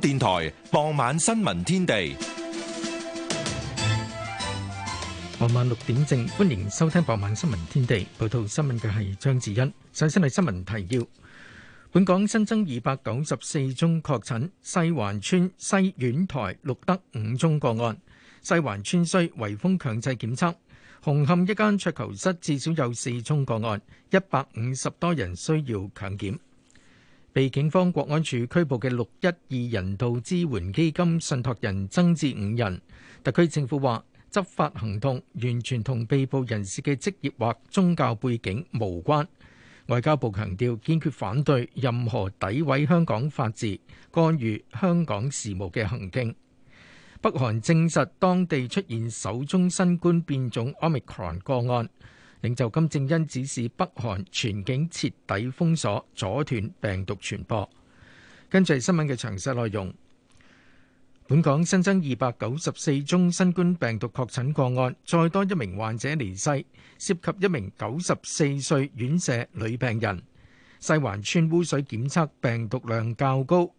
電台傍晚新聞天地，傍晚六點正，歡迎收聽傍晚新聞天地。報道新聞嘅係張智欣。首先係新聞提要：本港新增二百九十四宗確診，西環村西苑台錄得五宗個案，西環村需圍封強制檢測，紅磡一間桌球室至少有四宗個案，一百五十多人需要強檢。被警方國安處拘捕嘅六一二人道支援基金信託人增至五人。特區政府話，執法行動完全同被捕人士嘅職業或宗教背景無關。外交部強調，堅決反對任何詆毀香港法治、干預香港事務嘅行徑。北韓證實當地出現首宗新冠變種 Omicron 個案。領袖金正恩指示北韓全境徹底封鎖，阻斷病毒傳播。跟住係新聞嘅詳細內容，本港新增二百九十四宗新冠病毒確診個案，再多一名患者離世，涉及一名九十四歲院舍女病人。西環村污水檢測病毒量較高，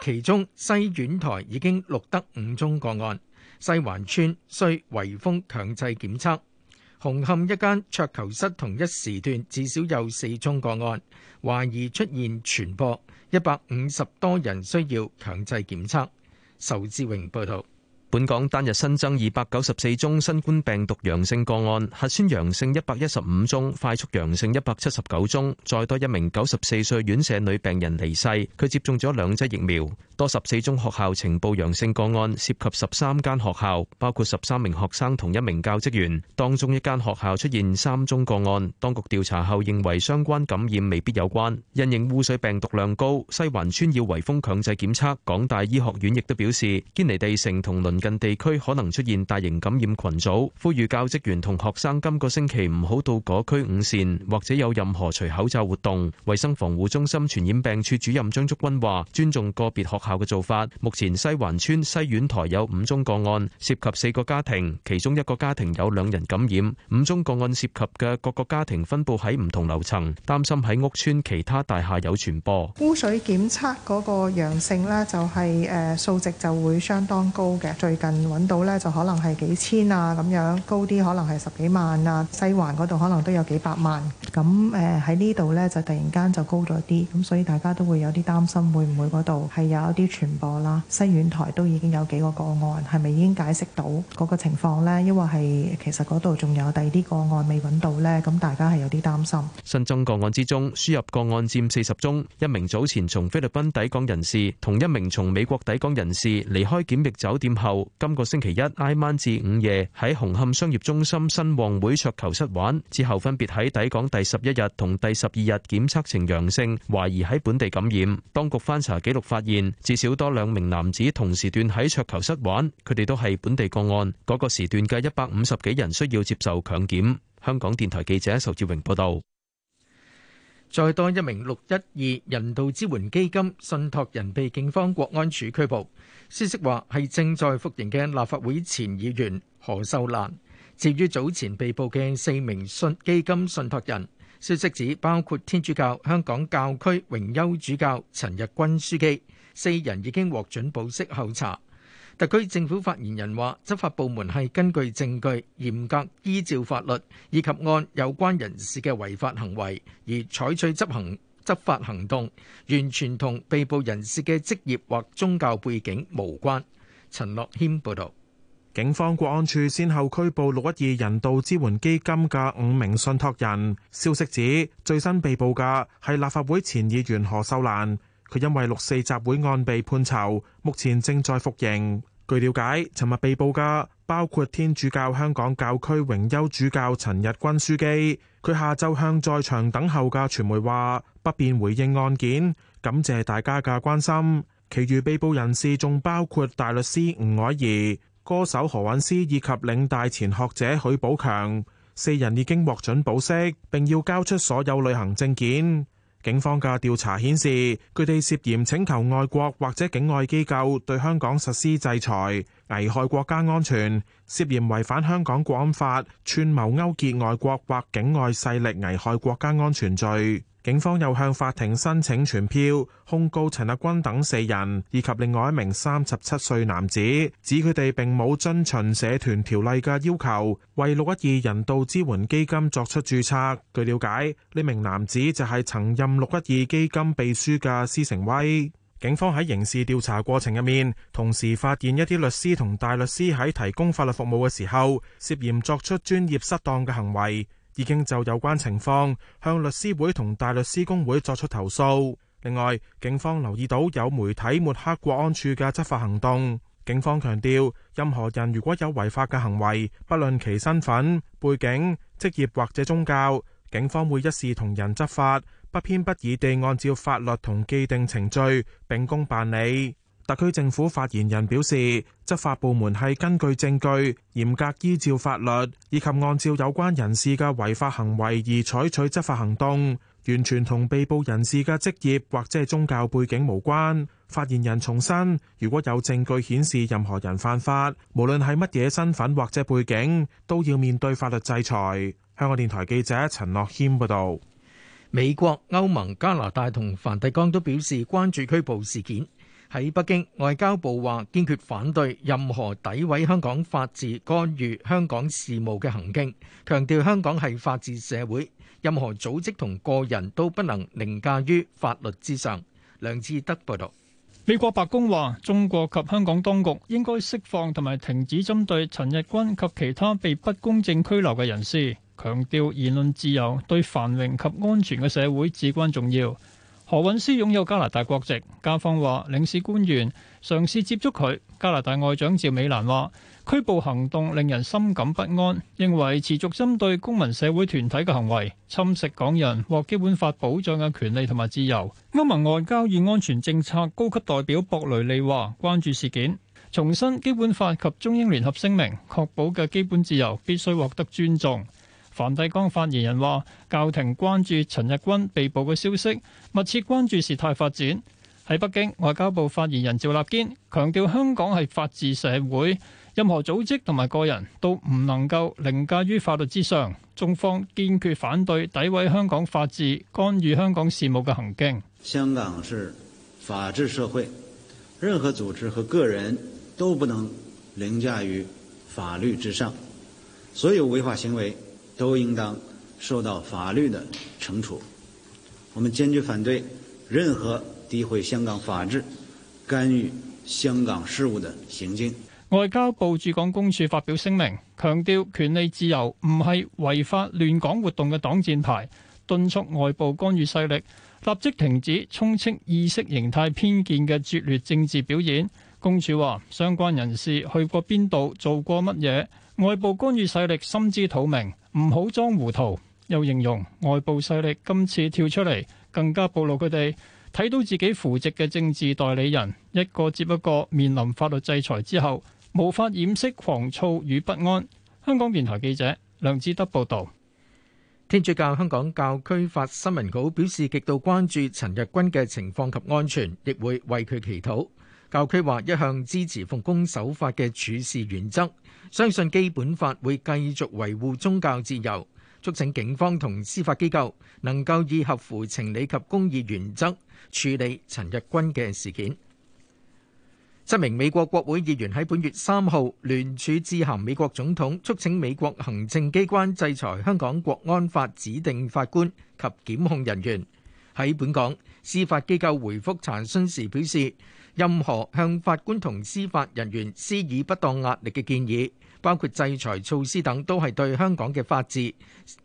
其中西苑台已經錄得五宗個案，西環村需圍封強制檢測。紅磡一間桌球室同一時段至少有四宗個案，懷疑出現傳播，一百五十多人需要強制檢測。仇志榮報道。本港單日新增二百九十四宗新冠病毒陽性個案，核酸陽性一百一十五宗，快速陽性一百七十九宗。再多一名九十四歲院舍女病人離世，佢接種咗兩劑疫苗。多十四宗學校情報陽性個案，涉及十三間學校，包括十三名學生同一名教職員。當中一間學校出現三宗個案，當局調查後認為相關感染未必有關。因應污水病毒量高，西環村要圍封強制檢測。港大醫學院亦都表示，堅尼地城同倫近地區可能出現大型感染群組，呼籲教職員同學生今個星期唔好到嗰區五線或者有任何除口罩活動。衛生防護中心傳染病處主任張竹君話：尊重個別學校嘅做法。目前西環村西苑台有五宗個案，涉及四個家庭，其中一個家庭有兩人感染。五宗個案涉及嘅各個家庭分佈喺唔同樓層，擔心喺屋邨其他大廈有傳播。污水檢測嗰個陽性咧，就係誒數值就會相當高嘅。最近揾到咧，就可能係幾千啊咁樣，高啲可能係十幾萬啊。西環嗰度可能都有幾百萬，咁誒喺呢度咧，就突然間就高咗啲，咁所以大家都會有啲擔心，會唔會嗰度係有一啲傳播啦？西苑台都已經有幾個個案，係咪已經解釋到嗰個情況呢，因為係其實嗰度仲有第二啲個案未揾到呢，咁大家係有啲擔心。新增個案之中，輸入個案佔四十宗，一名早前從菲律賓抵港人士，同一名從美國抵港人士離開檢疫酒店後。今個星期一，挨晚至午夜喺紅磡商業中心新旺會桌球室玩，之後分別喺抵港第十一日同第十二日檢測呈陽性，懷疑喺本地感染。當局翻查記錄發現，至少多兩名男子同時段喺桌球室玩，佢哋都係本地個案。嗰個時段嘅一百五十幾人需要接受強檢。香港電台記者仇志榮報道。再多一名六一二人道支援基金信託人被警方國安處拘捕，消息話係正在服刑嘅立法會前議員何秀蘭。至於早前被捕嘅四名信基金信託人，消息指包括天主教香港教區榮休主教陳日君樞機，四人已經獲准保釋候查。特區政府發言人話：執法部門係根據證據，嚴格依照法律，以及按有關人士嘅違法行為而採取執行執法行動，完全同被捕人士嘅職業或宗教背景無關。陳樂謙報道。警方國安處先後拘捕六一二人道支援基金嘅五名信託人，消息指最新被捕嘅係立法會前議員何秀蘭。佢因為六四集會案被判囚，目前正在服刑。據了解，尋日被捕嘅包括天主教香港教區榮休主教陳日君樞機。佢下晝向在場等候嘅傳媒話：不便回應案件，感謝大家嘅關心。其餘被捕人士仲包括大律師吳靄儀、歌手何韻詩以及嶺大前學者許寶強。四人已經獲准保釋，並要交出所有旅行證件。警方嘅調查顯示，佢哋涉嫌請求外國或者境外機構對香港實施制裁。危害國家安全、涉嫌違反香港國安法、串謀勾結外國或境外勢力危害國家安全罪，警方又向法庭申請傳票，控告陳立軍等四人以及另外一名三十七歲男子，指佢哋並冇遵循社團條例嘅要求，為六一二人道支援基金作出註冊。據了解，呢名男子就係曾任六一二基金秘書嘅施成威。警方喺刑事調查過程入面，同時發現一啲律師同大律師喺提供法律服務嘅時候，涉嫌作出專業失當嘅行為，已經就有關情況向律師會同大律師公會作出投訴。另外，警方留意到有媒體抹黑國安處嘅執法行動。警方強調，任何人如果有違法嘅行為，不論其身份、背景、職業或者宗教，警方會一視同仁執法。不偏不倚地按照法律同既定程序秉公辦理。特區政府發言人表示，執法部門係根據證據，嚴格依照法律以及按照有關人士嘅違法行為而採取執法行動，完全同被捕人士嘅職業或者宗教背景無關。發言人重申，如果有證據顯示任何人犯法，無論係乜嘢身份或者背景，都要面對法律制裁。香港電台記者陳樂謙報道。美國、歐盟、加拿大同梵蒂岡都表示關注拘捕事件。喺北京，外交部話堅決反對任何詆毀香港法治、干預香港事務嘅行徑，強調香港係法治社會，任何組織同個人都不能凌駕於法律之上。梁志德報道。美國白宮話，中國及香港當局應該釋放同埋停止針對陳日君及其他被不公正拘留嘅人士。強調言論自由對繁榮及安全嘅社會至關重要。何韻詩擁有加拿大國籍，加方話領事官員嘗試接觸佢。加拿大外長趙美蘭話拘捕行動令人深感不安，認為持續針對公民社會團體嘅行為，侵蝕港人獲基本法保障嘅權利同埋自由。歐盟外交與安全政策高級代表博雷利話關注事件，重申基本法及中英聯合聲明確保嘅基本自由必須獲得尊重。梵蒂岡發言人話：教廷關注陳日君被捕嘅消息，密切關注事態發展。喺北京，外交部發言人趙立堅強調：香港係法治社會，任何組織同埋個人都唔能夠凌駕於法律之上。中方堅決反對詆毀香港法治、干預香港事務嘅行徑。香港是法治社會，任何組織和個人都不能凌駕於法律之上，所有違法行為。都應當受到法律的懲處。我們堅決反對任何詆毀香港法治、干預香港事務的行徑。外交部駐港公署發表聲明，強調權利自由唔係違法亂港活動嘅擋箭牌，敦促外部干預勢力立即停止充斥意識形態偏見嘅拙劣政治表演。公署話，相關人士去過邊度，做過乜嘢？外部干預勢力心知肚明。唔好裝糊塗，又形容外部勢力今次跳出嚟，更加暴露佢哋睇到自己扶植嘅政治代理人一個接一個面臨法律制裁之後，無法掩飾狂躁與不安。香港電台記者梁志德報道，天主教香港教區發新聞稿表示，極度關注陳日君嘅情況及安全，亦會為佢祈禱。教區話一向支持奉公守法嘅處事原則，相信基本法會繼續維護宗教自由，促請警方同司法機構能夠以合乎情理及公義原則處理陳日君嘅事件。七名美國國會議員喺本月三號聯署致函美國總統，促請美國行政機關制裁香港國安法指定法官及檢控人員。喺本港，司法機構回覆查詢時表示。任何向法官同司法人員施以不當壓力嘅建議，包括制裁措施等，都係對香港嘅法治、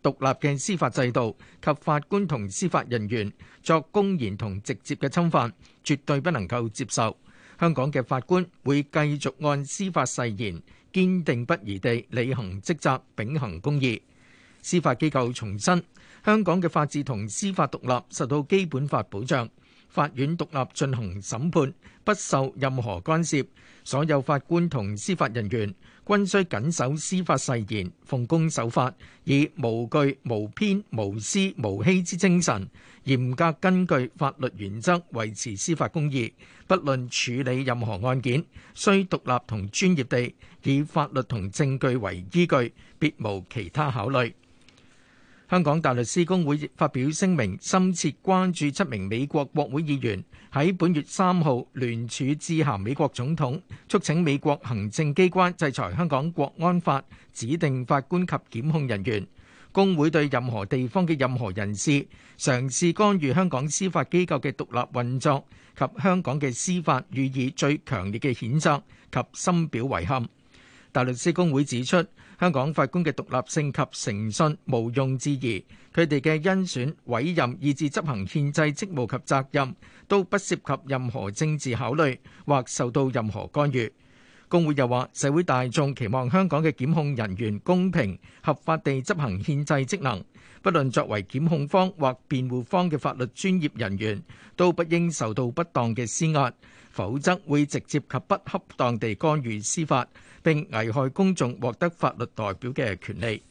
獨立嘅司法制度及法官同司法人員作公然同直接嘅侵犯，絕對不能夠接受。香港嘅法官會繼續按司法誓言，堅定不移地履行職責，秉行公義。司法機構重申，香港嘅法治同司法獨立受到基本法保障。法院獨立進行審判，不受任何干涉。所有法官同司法人員均須謹守司法誓言，奉公守法，以無懼、無偏、無私、無欺之精神，嚴格根據法律原則維持司法公義。不論處理任何案件，需獨立同專業地以法律同證據為依據，別無其他考慮。香港大律師公會發表聲明，深切關注七名美國國會議員喺本月三號聯署致函美國總統，促請美國行政機關制裁香港《國安法》指定法官及檢控人員。公會對任何地方嘅任何人士嘗試干預香港司法機構嘅獨立運作及香港嘅司法予以最強烈嘅譴責及深表遺憾。大律師公會指出，香港法官嘅獨立性及誠信無庸置疑，佢哋嘅甄選委任以至執行憲制職務及責任都不涉及任何政治考慮或受到任何干預。公會又話，社會大眾期望香港嘅檢控人員公平合法地執行憲制職能，不論作為檢控方或辯護方嘅法律專業人員，都不應受到不當嘅施壓。否則會直接及不恰當地干預司法，並危害公眾獲得法律代表嘅權利。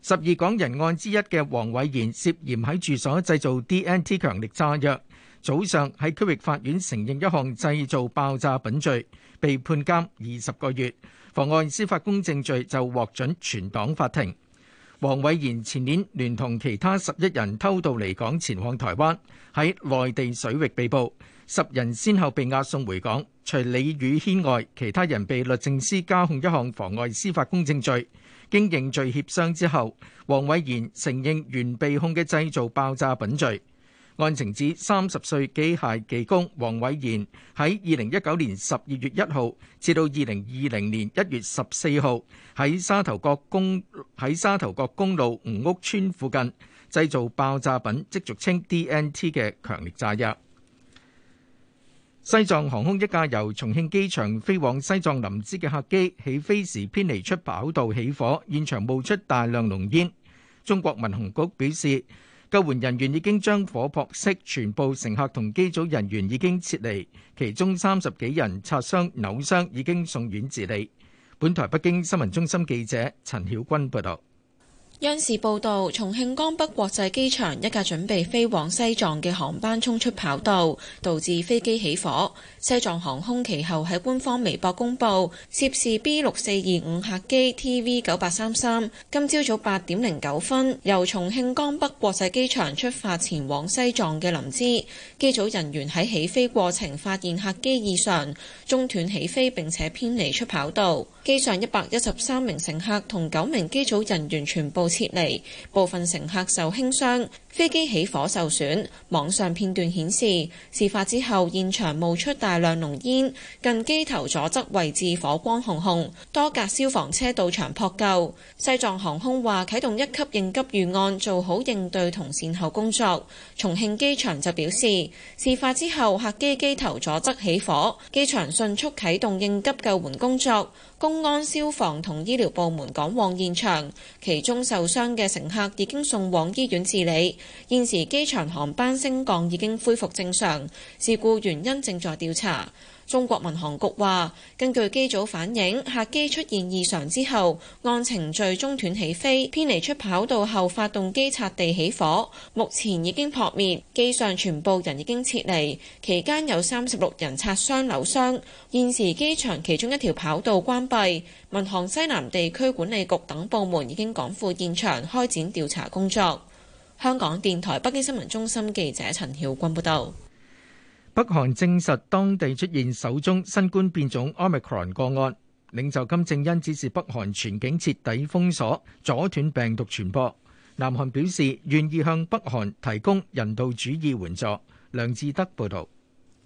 十二港人案之一嘅黃偉賢涉嫌喺住所製造 DNT 強力炸藥，早上喺區域法院承認一項製造爆炸品罪，被判監二十個月；妨礙司法公正罪就獲准全黨法庭。黃偉賢前年聯同其他十一人偷渡離港，前往台灣喺內地水域被捕。10人先後被押送回港，除李宇軒外，其他人被律政司加控一項妨礙司法公正罪，經認罪協商之後，黃偉賢承認原被控嘅製造爆炸品罪。案情指，30歲機械技工黃偉賢喺2019年12月1號至到2020年1月14號喺沙頭角公，喺沙頭角公路吳屋村附近製造爆炸品，即俗稱 DNT 嘅強烈炸藥。西藏航空一架由重慶機場飛往西藏林芝嘅客機起飛時偏離出跑道起火，現場冒出大量濃煙。中國民航局表示，救援人員已經將火撲熄，全部乘客同機組人員已經撤離，其中三十幾人擦傷、扭傷，已經送院治理。本台北京新聞中心記者陳曉君報道。央視報道，重慶江北國際機場一架準備飛往西藏嘅航班衝出跑道，導致飛機起火。西藏航空其後喺官方微博公布，涉事 B 六四二五客機 TV 九八三三，今朝早八點零九分由重慶江北國際機場出發前往西藏嘅林芝，機組人員喺起飛過程發現客機異常，中斷起飛並且偏離出跑道，機上一百一十三名乘客同九名機組人員全部。撤離，部分乘客受輕傷。飛機起火受損，網上片段顯示事發之後，現場冒出大量濃煙，近機頭左側位置火光熊熊，多架消防車到場撲救。西藏航空話啟動一級應急預案，做好應對同善後工作。重慶機場就表示，事發之後客機機頭左側起火，機場迅速啟動應急救援工作，公安、消防同醫療部門趕往現場，其中受傷嘅乘客已經送往醫院治理。現時機場航班升降已經恢復正常，事故原因正在調查。中國民航局話，根據機組反映，客機出現異常之後，按程序中斷起飛，偏離出跑道後，發動機擦地起火，目前已經撲滅，機上全部人已經撤離，期間有三十六人擦傷、扭傷。現時機場其中一條跑道關閉，民航西南地區管理局等部門已經趕赴現場開展調查工作。香港電台北京新聞中心記者陳曉君報道：北韓證實當地出現首宗新冠變種 Omicron 個案，領袖金正恩指示北韓全境徹底封鎖，阻斷病毒傳播。南韓表示願意向北韓提供人道主義援助。梁志德報道。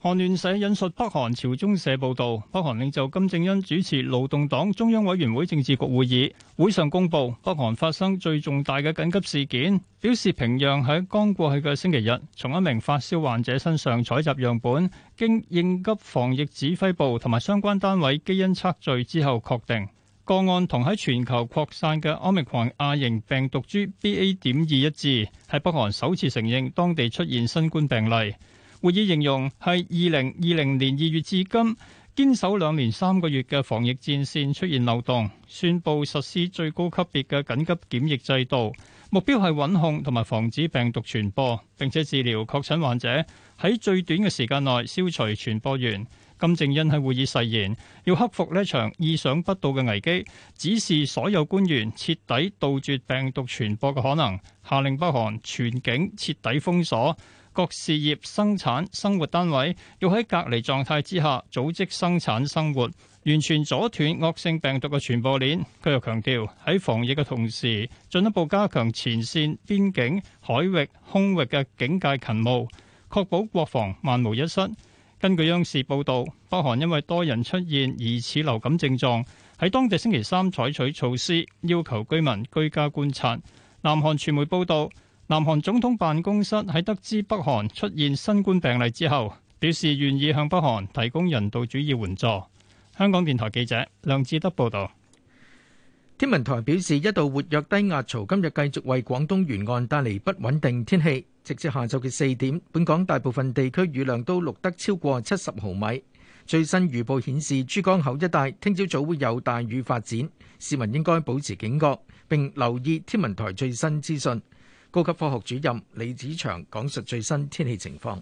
韓聯社引述北韓朝中社報導，北韓領袖金正恩主持勞動黨中央委員會政治局會議，會上公布北韓發生最重大嘅緊急事件，表示平壤喺剛過去嘅星期日，從一名發燒患者身上採集樣本，經應急防疫指揮部同埋相關單位基因測序之後確定，個案同喺全球擴散嘅奧密克戎亞型病毒株 BA. 點二一致，係北韓首次承認當地出現新冠病例。會議形容係二零二零年二月至今堅守兩年三個月嘅防疫戰線出現漏洞，宣布實施最高級別嘅緊急檢疫制度，目標係穩控同埋防止病毒傳播，並且治療確診患者喺最短嘅時間內消除傳播源。金正恩喺會議誓言要克服呢場意想不到嘅危機，指示所有官員徹底杜絕病毒傳播嘅可能，下令北韓全境徹底封鎖。各事業、生產、生活單位要喺隔離狀態之下組織生產生活，完全阻斷惡性病毒嘅傳播鏈。佢又強調喺防疫嘅同時，進一步加強前線、邊境、海域、空域嘅警戒勤務，確保國防萬無一失。根據央視報導，北韓因為多人出現疑似流感症狀，喺當地星期三採取措施，要求居民居家觀察。南韓傳媒報導。南韓總統辦公室喺得知北韓出現新冠病例之後，表示願意向北韓提供人道主義援助。香港電台記者梁志德報道。天文台表示，一道活躍低壓槽今日繼續為廣東沿岸帶嚟不穩定天氣。直至下晝嘅四點，本港大部分地區雨量都錄得超過七十毫米。最新預報顯示，珠江口一帶聽朝早會有大雨發展，市民應該保持警覺，並留意天文台最新資訊。高級科學主任李子祥講述最新天氣情況。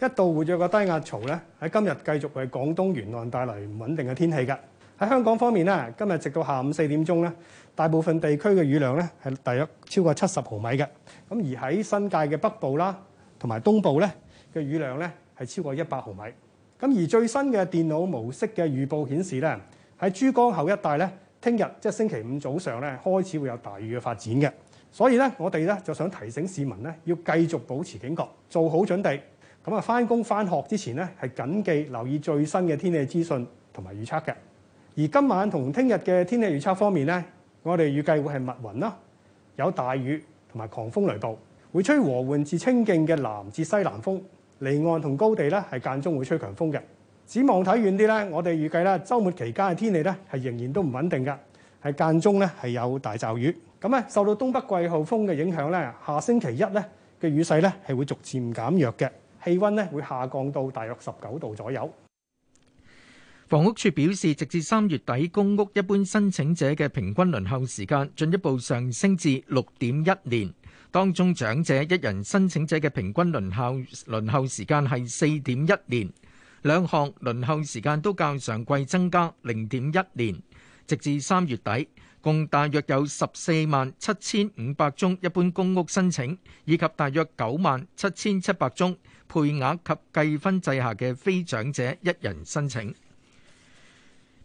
一道活躍嘅低壓槽咧，喺今日繼續為廣東沿岸帶嚟唔穩定嘅天氣嘅。喺香港方面呢，今日直到下午四點鐘咧，大部分地區嘅雨量咧係大約超過七十毫米嘅。咁而喺新界嘅北部啦，同埋東部咧嘅雨量咧係超過一百毫米。咁而,而最新嘅電腦模式嘅預報顯示咧，喺珠江口一帶咧，聽日即係星期五早上咧開始會有大雨嘅發展嘅。所以咧，我哋咧就想提醒市民咧，要繼續保持警覺，做好準備。咁啊，返工返學之前咧，係謹記留意最新嘅天氣資訊同埋預測嘅。而今晚同聽日嘅天氣預測方面咧，我哋預計會係密雲啦，有大雨同埋狂風雷暴，會吹和緩至清勁嘅南至西南風，離岸同高地咧係間中會吹強風嘅。展望睇遠啲咧，我哋預計咧周末期間嘅天氣咧係仍然都唔穩定嘅，係間中咧係有大驟雨。咁咧，受到東北季候風嘅影響咧，下星期一咧嘅雨勢咧係會逐漸減弱嘅，氣温咧會下降到大約十九度左右。房屋署表示，直至三月底，公屋一般申請者嘅平均輪候時間進一步上升至六點一年，當中長者一人申請者嘅平均輪候輪候時間係四點一年，兩項輪候時間都較上季增加零點一年，直至三月底。共大約有十四萬七千五百宗一般公屋申請，以及大約九萬七千七百宗配額及計分制下嘅非長者一人申請。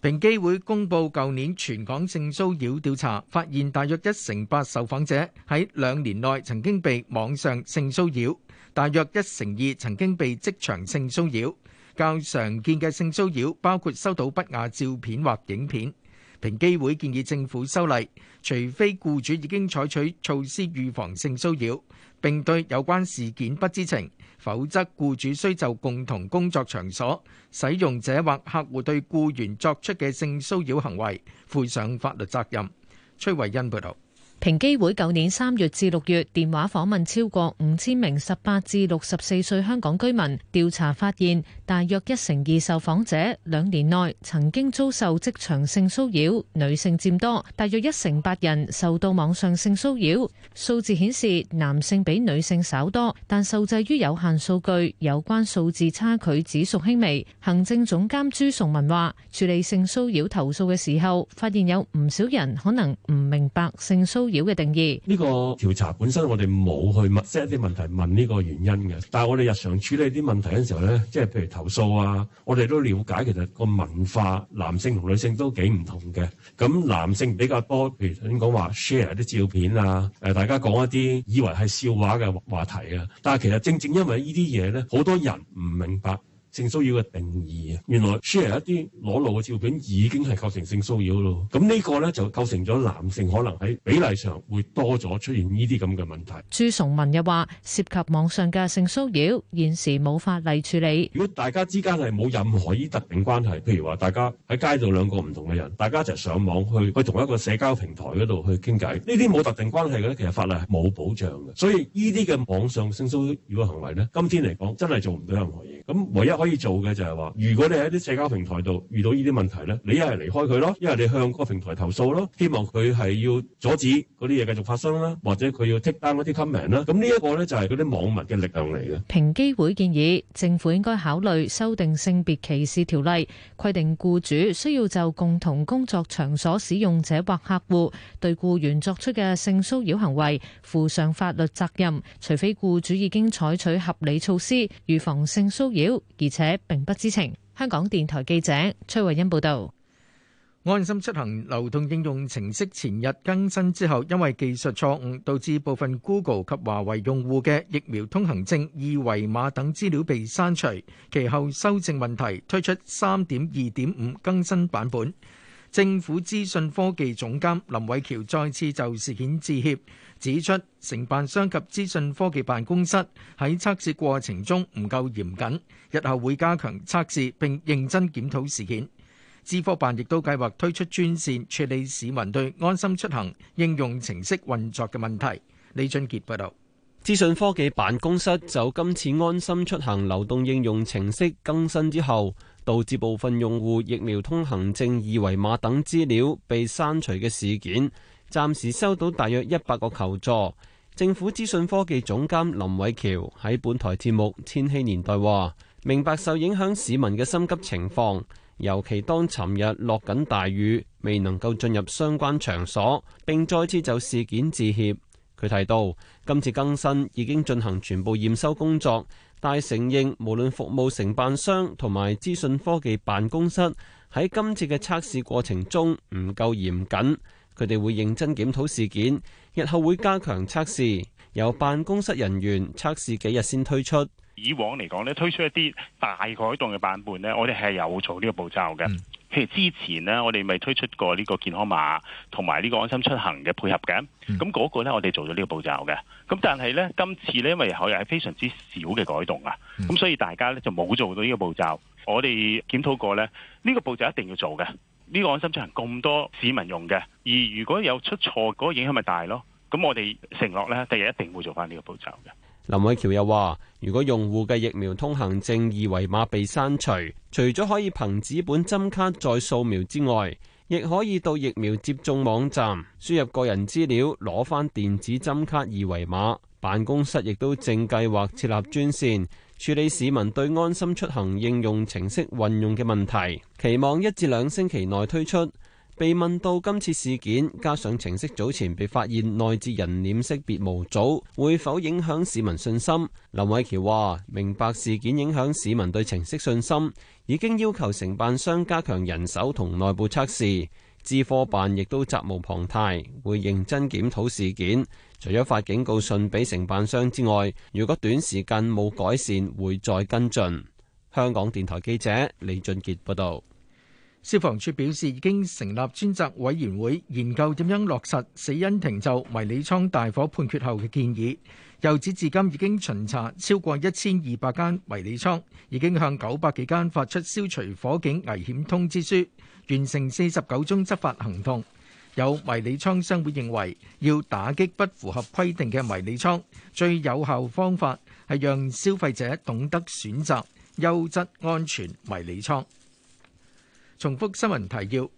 平機會公布舊年全港性騷擾調查，發現大約一成八受訪者喺兩年內曾經被網上性騷擾，大約一成二曾經被職場性騷擾。較常見嘅性騷擾包括收到不雅照片或影片。平機會建議政府修例，除非僱主已經採取措施預防性騷擾，並對有關事件不知情，否則僱主需就共同工作場所使用者或客戶對僱員作出嘅性騷擾行為，負上法律責任。崔慧欣報道。平機會舊年三月至六月電話訪問超過五千名十八至六十四歲香港居民，調查發現大約一成二受訪者兩年內曾經遭受職場性騷擾，女性佔多，大約一成八人受到網上性騷擾。數字顯示男性比女性稍多，但受制於有限數據，有關數字差距只屬輕微。行政總監朱崇文話：處理性騷擾投訴嘅時候，發現有唔少人可能唔明白性騷擾。騷擾嘅定義，呢個調查本身我哋冇去 set 一啲問題問呢個原因嘅，但係我哋日常處理啲問題嘅時候咧，即係譬如投訴啊，我哋都了解其實個文化男性同女性都幾唔同嘅。咁男性比較多，譬如點講話 share 啲照片啊，誒，大家講一啲以為係笑話嘅話題啊。但係其實正正因為呢啲嘢咧，好多人唔明白。性騷擾嘅定義啊，原來 share 一啲裸露嘅照片已經係構成性騷擾咯。咁呢個咧就構成咗男性可能喺比例上會多咗出現呢啲咁嘅問題。朱崇文又話：涉及網上嘅性騷擾，現時冇法例處理。如果大家之間係冇任何依特定關係，譬如話大家喺街度兩個唔同嘅人，大家一齊上網去去同一個社交平台嗰度去傾偈，呢啲冇特定關係嘅咧，其實法例係冇保障嘅。所以呢啲嘅網上性騷擾嘅行為咧，今天嚟講真係做唔到任何嘢。咁唯一可可以做嘅就係話，如果你喺啲社交平台度遇到呢啲問題咧，你一係離開佢咯，一係你向嗰個平台投訴咯，希望佢係要阻止嗰啲嘢繼續發生啦，或者佢要剔單嗰啲 comment 啦。咁呢一個咧就係嗰啲網民嘅力量嚟嘅。平機會建議政府應該考慮修訂性別歧視條例，規定僱主需要就共同工作場所使用者或客戶對僱員作出嘅性騷擾行為負上法律責任，除非僱主已經採取合理措施預防性騷擾，而且，且並不知情。香港電台記者崔慧欣報道：安心出行流動應用程式前日更新之後，因為技術錯誤導致部分 Google 及華為用戶嘅疫苗通行證二維碼等資料被刪除，其後修正問題，推出三點二點五更新版本。政府資訊科技總監林偉喬再次就事件致歉，指出承辦商及資訊科技辦公室喺測試過程中唔夠嚴謹，日後會加強測試並認真檢討事件。資科辦亦都計劃推出專線處理市民對安心出行應用程式運作嘅問題。李俊傑報導，資訊科技辦公室就今次安心出行流動應用程式更新之後，導致部分用戶疫苗通行證二維碼等資料被刪除嘅事件，暫時收到大約一百個求助。政府資訊科技總監林偉喬喺本台節目《千禧年代》話：明白受影響市民嘅心急情況，尤其當尋日落緊大雨，未能夠進入相關場所。並再次就事件致歉。佢提到今次更新已經進行全部驗收工作，但承認無論服務承辦商同埋資訊科技辦公室喺今次嘅測試過程中唔夠嚴謹，佢哋會認真檢討事件，日後會加強測試，由辦公室人員測試幾日先推出。以往嚟講呢，推出一啲大改動嘅版本呢，我哋係有做呢個步驟嘅。嗯譬如之前咧，我哋咪推出過呢個健康碼同埋呢個安心出行嘅配合嘅，咁嗰、嗯、個咧我哋做咗呢個步驟嘅。咁但係呢，今次呢，因為又係非常之少嘅改動啊，咁、嗯、所以大家呢，就冇做到呢個步驟。我哋檢討過呢，呢、這個步驟一定要做嘅。呢、這個安心出行咁多市民用嘅，而如果有出錯，嗰、那個影響咪大咯。咁我哋承諾呢，第日一定會做翻呢個步驟嘅。林偉喬又話，如果用戶嘅疫苗通行證二維碼被刪除，除咗可以憑紙本針卡再掃描之外，亦可以到疫苗接種網站輸入個人資料攞翻電子針卡二維碼。辦公室亦都正計劃設立專綫處理市民對安心出行應用程式運用嘅問題，期望一至兩星期內推出。被問到今次事件，加上程式早前被發現內置人臉識別模組，會否影響市民信心？林偉傑話：明白事件影響市民對程式信心，已經要求承辦商加強人手同內部測試。資科辦亦都責無旁貸，會認真檢討事件。除咗發警告信俾承辦商之外，如果短時間冇改善，會再跟進。香港電台記者李俊傑報道。消防處表示，已經成立專責委員會研究點樣落實死因庭就迷你倉大火判決後嘅建議。又指至今已經巡查超過一千二百間迷你倉，已經向九百幾間發出消除火警危險通知書，完成四十九宗執法行動。有迷你倉商會認為，要打擊不符合規定嘅迷你倉，最有效方法係讓消費者懂得選擇優質安全迷你倉。重複新聞提要：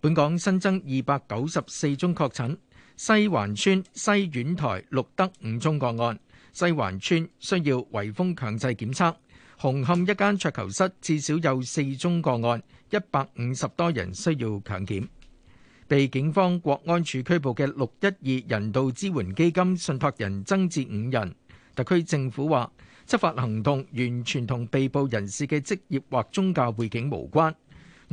本港新增二百九十四宗確診，西環村西苑臺錄得五宗個案。西環村需要圍封強制檢測。紅磡一間桌球室至少有四宗個案，一百五十多人需要強檢。被警方國安處拘捕嘅六一二人道支援基金信託人增至五人。特區政府話，執法行動完全同被捕人士嘅職業或宗教背景無關。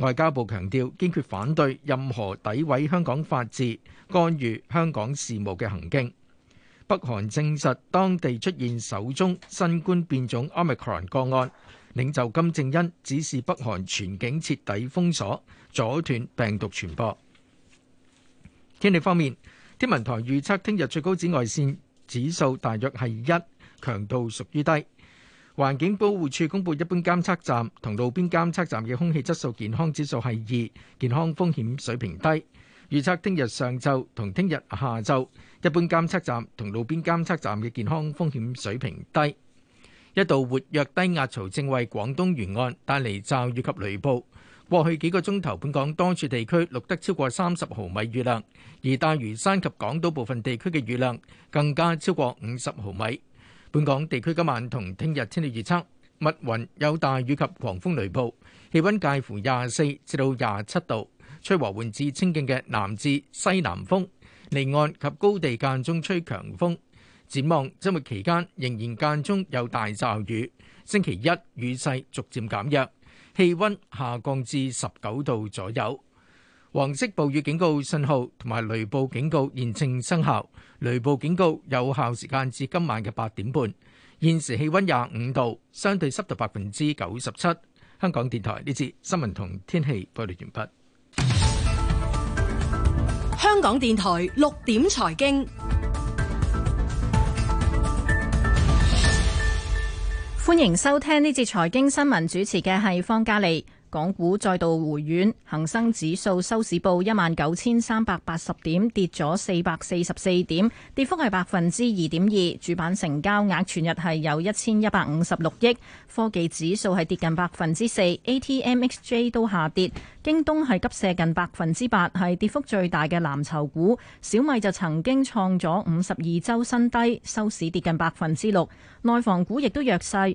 外交部強調，堅決反對任何詆毀香港法治、干預香港事務嘅行徑。北韓證實當地出現首宗新冠變種 Omicron 個案，領袖金正恩指示北韓全境徹底封鎖，阻斷病毒傳播。天氣方面，天文台預測聽日最高紫外線指數大約係一，強度屬於低。環境保護署公佈，一般監測站同路邊監測站嘅空氣質素健康指數係二，健康風險水平低。預測聽日上晝同聽日下晝，一般監測站同路邊監測站嘅健康風險水平低。一度活躍低壓槽正為廣東沿岸帶嚟驟雨及雷暴。過去幾個鐘頭，本港多處地區錄得超過三十毫米雨量，而大嶼山及港島部分地區嘅雨量更加超過五十毫米。本港地區今晚同聽日天氣預測：密雲有大雨及狂風雷暴，氣温介乎廿四至到廿七度，吹和緩至清勁嘅南至西南風，離岸及高地間中吹強風。展望周末期間仍然間中有大驟雨，星期一雨勢逐漸減弱，氣温下降至十九度左右。黃色暴雨警告信號同埋雷暴警告現正生效，雷暴警告有效時間至今晚嘅八點半。現時氣溫廿五度，相對濕度百分之九十七。香港電台呢次新聞同天氣報道完畢。香港電台六點財經，歡迎收聽呢節財經新聞，主持嘅係方嘉莉。港股再度回軟，恒生指數收市報一萬九千三百八十點，跌咗四百四十四點，跌幅係百分之二點二。主板成交額全日係有一千一百五十六億，科技指數係跌近百分之四，ATMXJ 都下跌。京東係急瀉近百分之八，係跌幅最大嘅藍籌股。小米就曾經創咗五十二周新低，收市跌近百分之六。內房股亦都弱勢。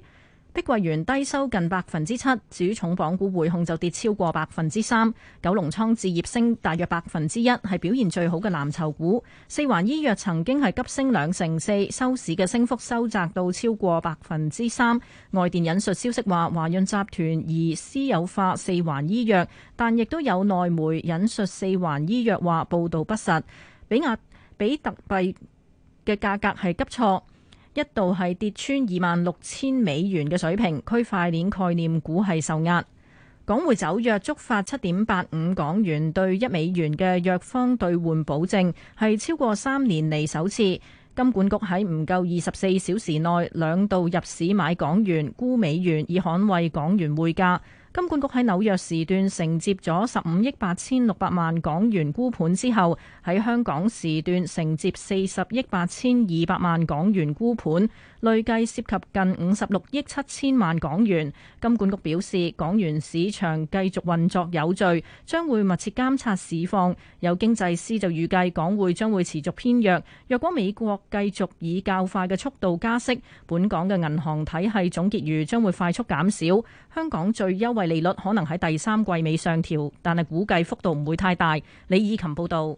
碧桂園低收近百分之七，至於重磅股匯控就跌超過百分之三，九龍倉置業升大約百分之一，係表現最好嘅藍籌股。四環醫藥曾經係急升兩成四，收市嘅升幅收窄到超過百分之三。外電引述消息話華潤集團擬私有化四環醫藥，但亦都有內媒引述四環醫藥話報道不實。比亞比特幣嘅價格係急挫。一度係跌穿二萬六千美元嘅水平，區塊鏈概念股係受壓。港匯走弱觸發七點八五港元對一美元嘅弱方兌換保證，係超過三年嚟首次。金管局喺唔夠二十四小時內兩度入市買港元沽美元，以捍衛港元匯價。金管局喺紐約時段承接咗十五億八千六百萬港元沽盤之後，喺香港時段承接四十億八千二百萬港元沽盤。累計涉及近五十六億七千萬港元，金管局表示港元市場繼續運作有序，將會密切監察市況。有經濟師就預計港匯將會持續偏弱。若果美國繼續以較快嘅速度加息，本港嘅銀行體系總結餘將會快速減少。香港最優惠利率可能喺第三季尾上調，但係估計幅度唔會太大。李以琴報導。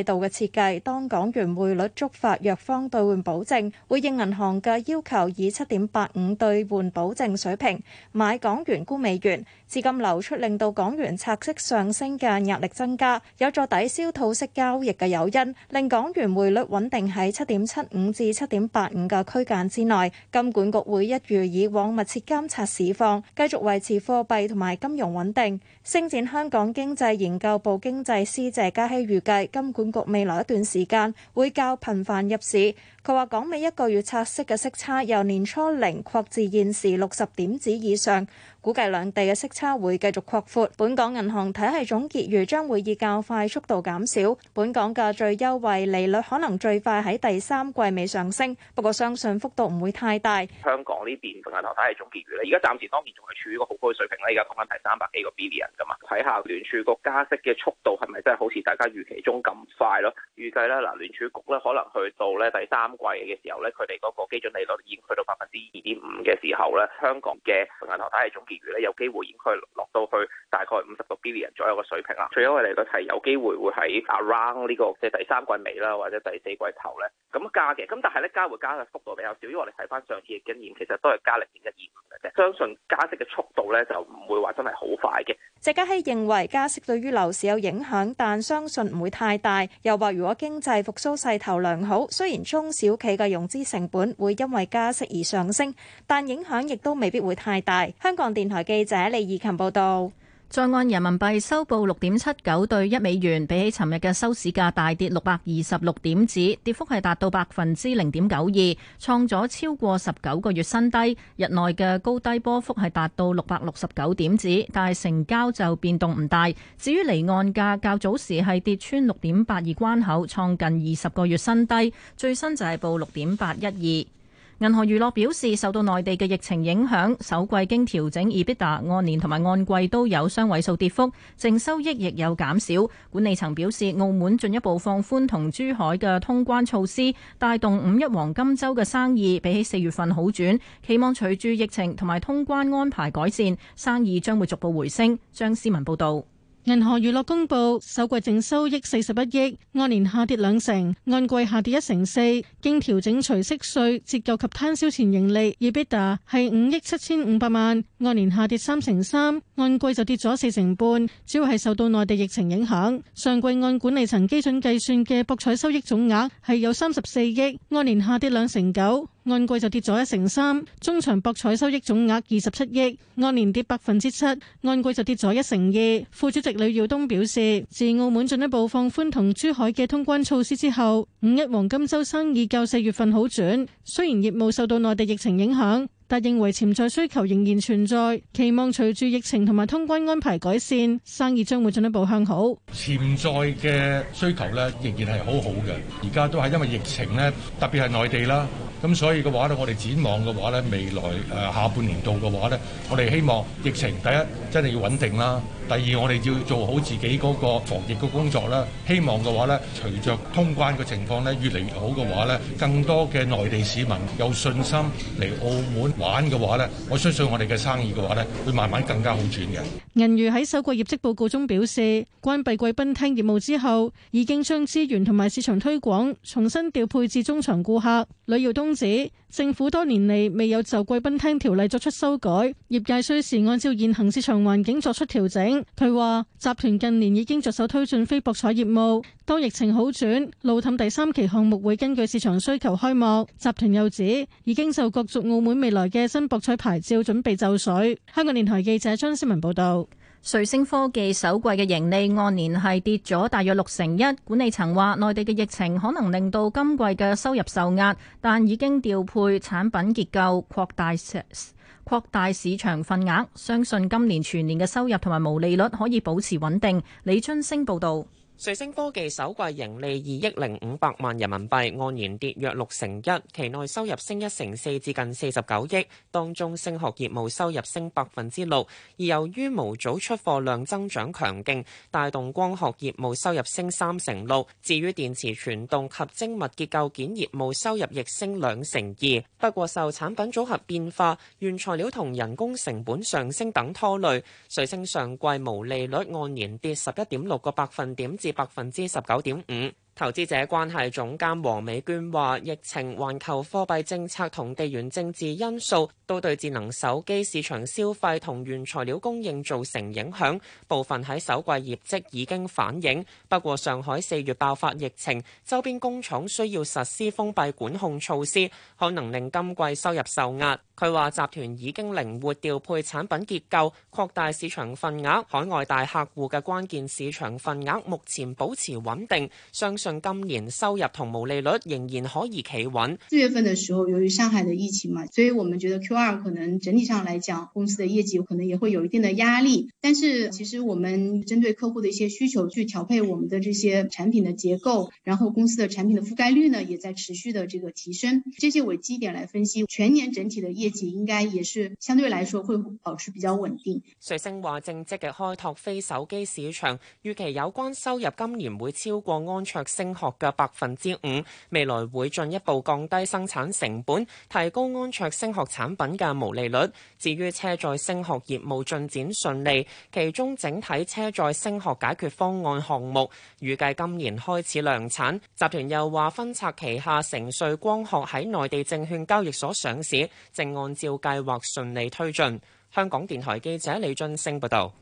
制度嘅設計，當港元匯率觸發弱方兌換保證，會應銀行嘅要求，以七點八五兌換保證水平買港元沽美元。資金流出令到港元拆息上升嘅壓力增加，有助抵消套息交易嘅誘因，令港元匯率穩定喺七點七五至七點八五嘅區間之內。金管局會一如以往密切監察市況，繼續維持貨幣同埋金融穩定。星展香港經濟研究部經濟師謝家熙預計，金管局未來一段時間會較頻繁入市。佢話：港美一個月拆息嘅息差由年初零擴至現時六十點子以上，估計兩地嘅息差會繼續擴闊。本港銀行體系總結餘將會以較快速度減少，本港嘅最優惠利率可能最快喺第三季尾上升，不過相信幅度唔會太大。香港呢邊銀行體系總結餘呢，而家暫時當然仲係處於一個好高水平啦。而家講緊係三百幾個 billion 㗎嘛，睇下聯儲局加息嘅速度係咪真係好似大家預期中咁快咯？預計呢，嗱，聯儲局呢可能去到呢第三。季嘅時候咧，佢哋嗰個基準利率已經去到百分之二點五嘅時候咧，香港嘅銀行體系總結餘咧有機會已經去落到去大概五十個 billion 左右嘅水平啦。除咗利率係有機會會喺 around 呢、這個即係第三季尾啦，或者第四季頭咧咁加嘅。咁但係咧加會加嘅幅度比較少，因為我哋睇翻上次嘅經驗，其實都係加零點一二五嘅啫。相信加息嘅速度咧就唔會話真係好快嘅。謝家輝認為加息對於樓市有影響，但相信唔會太大。又話如果經濟復甦勢頭良好，雖然中。小企嘅融資成本會因為加息而上升，但影響亦都未必會太大。香港電台記者李義琴報道。在岸人民幣收報六點七九對一美元，比起尋日嘅收市價大跌六百二十六點子，跌幅係達到百分之零點九二，創咗超過十九個月新低。日內嘅高低波幅係達到六百六十九點子，但係成交就變動唔大。至於離岸價，較早時係跌穿六點八二關口，創近二十個月新低，最新就係報六點八一二。銀河娛樂表示，受到內地嘅疫情影響，首季經調整 EBITDA 按年同埋按季都有雙位數跌幅，淨收益亦有減少。管理層表示，澳門進一步放寬同珠海嘅通關措施，帶動五一黃金週嘅生意，比起四月份好轉，期望隨住疫情同埋通關安排改善，生意將會逐步回升。張思文報導。銀行娛樂公布首季淨收益四十一億，按年下跌兩成，按季下跌一成四。經調整除息稅折舊及攤銷前盈利 e b i t a 係五億七千五百萬，按年下跌三成三，按季就跌咗四成半，主要係受到內地疫情影響。上季按管理層基準計算嘅博彩收益總額係有三十四億，按年下跌兩成九。按季就跌咗一成三，中場博彩收益總額二十七億，按年跌百分之七，按季就跌咗一成二。副主席李耀東表示，自澳門進一步放寬同珠海嘅通關措施之後，五一黃金週生意較四月份好轉。雖然業務受到內地疫情影響，但認為潛在需求仍然存在，期望隨住疫情同埋通關安排改善，生意將會進一步向好。潛在嘅需求呢，仍然係好好嘅。而家都係因為疫情呢，特別係內地啦。咁所以嘅話呢，我哋展望嘅話呢，未來、呃、下半年度嘅話呢，我哋希望疫情第一，真係要穩定啦。第二，我哋要做好自己嗰個防疫嘅工作啦。希望嘅話咧，隨着通關嘅情況咧，越嚟越好嘅話咧，更多嘅內地市民有信心嚟澳門玩嘅話咧，我相信我哋嘅生意嘅話咧，會慢慢更加好轉嘅。銀娛喺首個業績報告中表示，關閉貴賓廳業務之後，已經將資源同埋市場推廣重新調配至中場顧客。呂耀東指，政府多年嚟未有就貴賓廳條例作出修改，業界需時按照現行市場環境作出調整。佢話集團近年已經着手推進非博彩業務，當疫情好轉，路氹第三期項目會根據市場需求開幕。集團又指已經就角逐澳門未來嘅新博彩牌照準備就緒，香港電台記者張思文報道。瑞聲科技首季嘅盈利按年係跌咗大約六成一，管理層話內地嘅疫情可能令到今季嘅收入受壓，但已經調配產品結構，擴大擴大市場份額，相信今年全年嘅收入同埋毛利率可以保持穩定。李春升報道。瑞聲科技首季盈利二億零五百萬人民幣，按年跌約六成一。期內收入升一成四，至近四十九億。當中，聲學業務收入升百分之六，而由於模組出貨量增長強勁，帶動光學業務收入升三成六。至於電磁傳動及精密結構件業務收入亦升兩成二。不過，受產品組合變化、原材料同人工成本上升等拖累，瑞聲上季毛利率按年跌十一點六個百分點至百分之十九點五。投資者關係總監黃美娟話：疫情、環球貨幣政策同地緣政治因素都對智能手機市場消費同原材料供應造成影響，部分喺首季業績已經反映。不過，上海四月爆發疫情，周邊工廠需要實施封閉管控措施，可能令今季收入受壓。佢話集團已經靈活調配產品結構，擴大市場份額。海外大客戶嘅關鍵市場份額目前保持穩定，相信今年收入同毛利率仍然可以企穩。四月份嘅時候，由於上海嘅疫情嘛，所以我們覺得 Q 二可能整體上來講，公司的業績可能也會有一定的壓力。但是其實我們針對客戶的一些需求去調配我們的這些產品的結構，然後公司的產品的覆蓋率呢，也在持續的這個提升。這些為基點來分析，全年整體的業績應該也是相對來說會保持比較穩定。瑞聲話正積極開拓非手機市場，預期有關收入今年會超過安卓。升學嘅百分之五，未來會進一步降低生產成本，提高安卓升學產品嘅毛利率。至於車載升學業務進展順利，其中整體車載升學解決方案項目預計今年開始量產。集團又話分拆旗下城瑞光學喺內地證券交易所上市，正按照計劃順利推進。香港電台記者李俊升報道。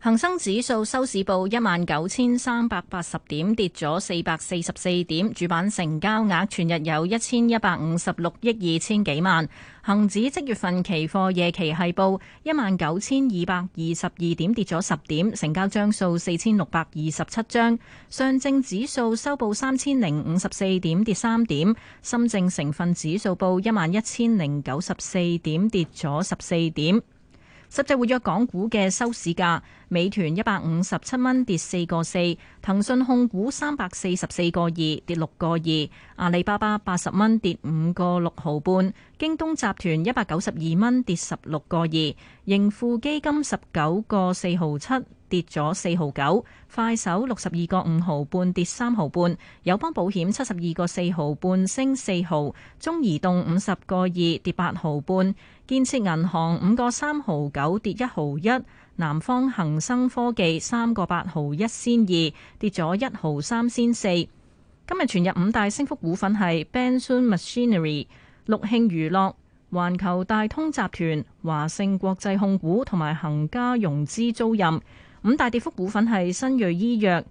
恒生指數收市報一萬九千三百八十點，跌咗四百四十四點。主板成交額全日有一千一百五十六億二千幾萬。恒指即月份期貨夜期係報一萬九千二百二十二點，跌咗十點，成交張數四千六百二十七張。上證指數收報三千零五十四點，跌三點。深證成分指數報一萬一千零九十四點，跌咗十四點。實際活躍港股嘅收市價，美團一百五十七蚊跌四個四，騰訊控股三百四十四個二跌六個二，阿里巴巴八十蚊跌五個六毫半，京東集團一百九十二蚊跌十六個二，盈富基金十九個四毫七。跌咗四毫九，快手六十二個五毫半，跌三毫半，友邦保險七十二個四毫半，升四毫，中移動五十個二，跌八毫半，建設銀行五個三毫九，跌一毫一，南方恒生科技三個八毫一先二跌咗一毫三先四。今日全日五大升幅股份係 Benson Machinery、陸慶娛樂、環球大通集團、華盛國際控股同埋恒嘉融資租賃。咁、嗯、大跌幅股份係新瑞醫藥、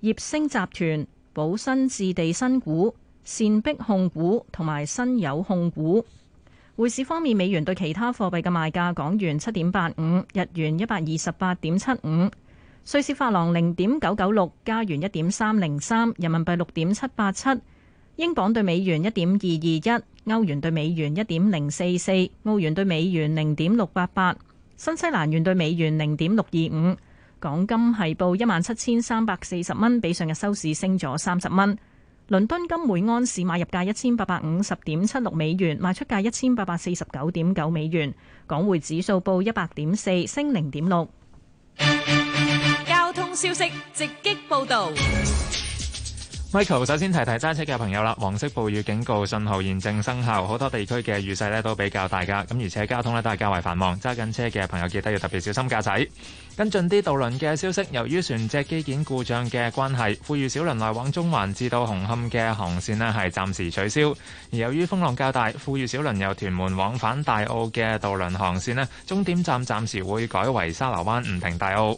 葉星集團、寶新置地、新股善碧控股同埋新友控股。匯市方面，美元對其他貨幣嘅賣價：港元七點八五，日元一百二十八點七五，瑞士法郎零點九九六，加元一點三零三，人民幣六點七八七，英鎊對美元一點二二一，歐元對美元一點零四四，澳元對美元零點六八八，新西蘭元對美元零點六二五。港金係報一萬七千三百四十蚊，比上日收市升咗三十蚊。倫敦金每安士買入價一千八百五十點七六美元，賣出價一千八百四十九點九美元。港匯指數報一百點四，升零點六。交通消息直擊報道。Michael 首先提提揸車嘅朋友啦，黃色暴雨警告信號現正生效，好多地區嘅雨勢咧都比較大噶，咁而且交通咧都係較為繁忙，揸緊車嘅朋友記得要特別小心駕駛。跟進啲渡輪嘅消息，由於船隻機件故障嘅關係，富裕小輪來往中環至到紅磡嘅航線咧係暫時取消。而由於風浪較大，富裕小輪由屯門往返大澳嘅渡輪航線咧，終點站暫時會改為沙螺灣唔停大澳。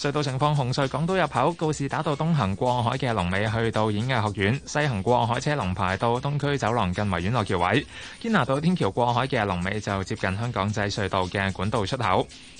隧道情況：紅隧港島入口告士打道東行過海嘅龍尾去到演藝學院，西行過海車龍排到東區走廊近維園落橋位；堅拿道天橋過海嘅龍尾就接近香港仔隧道嘅管道出口。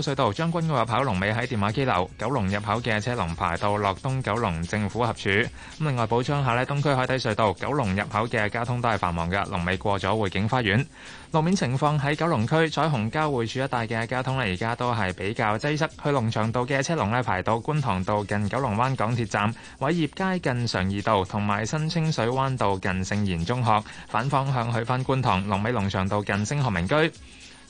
隧道將軍澳入口龍尾喺電話機樓，九龍入口嘅車龍排到落東九龍政府合署。咁另外補充下咧，東區海底隧道九龍入口嘅交通都係繁忙㗎，龍尾過咗匯景花園。路面情況喺九龍區彩虹交匯處一帶嘅交通咧，而家都係比較擠塞。去龍翔道嘅車龍咧排到觀塘道近九龍灣港鐵站、偉業街近常怡道，同埋新清水灣道近聖言中學。反方向去翻觀塘，龍尾龍翔道近星河明居。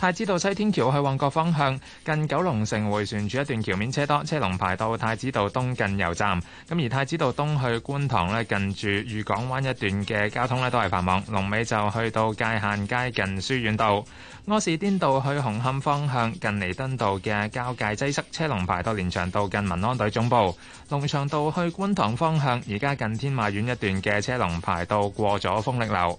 太子道西天橋去旺角方向，近九龍城迴旋處一段橋面車多，車龍排到太子道東近油站。咁而太子道東去觀塘咧，近住愉港灣一段嘅交通咧都係繁忙，龍尾就去到界限街近書院道。柯士甸道去紅磡方向，近彌敦道嘅交界擠塞，車龍排到連翔道近民安隊總部。龍翔道去觀塘方向，而家近天馬苑一段嘅車龍排到過咗豐力樓。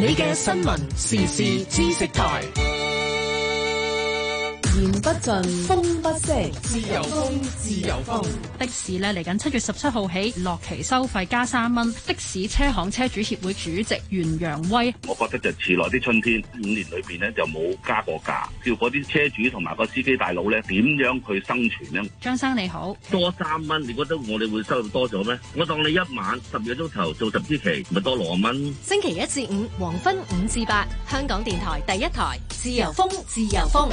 你嘅新聞時事知識台。言不盡，風不息，自由風，自由風。 的士咧嚟緊七月十七號起落旗收費加三蚊。的士車行車主協會主席袁揚威：我覺得就遲來啲春天，五年裏邊咧就冇加過價，叫嗰啲車主同埋個司機大佬咧點樣去生存呢？張生你好，多三蚊，你覺得我哋會收多咗咩？我當你一晚十二個鐘頭做十支旗，咪多羅蚊？星期一至五黃昏五至八，香港電台第一台，自由風，自由風。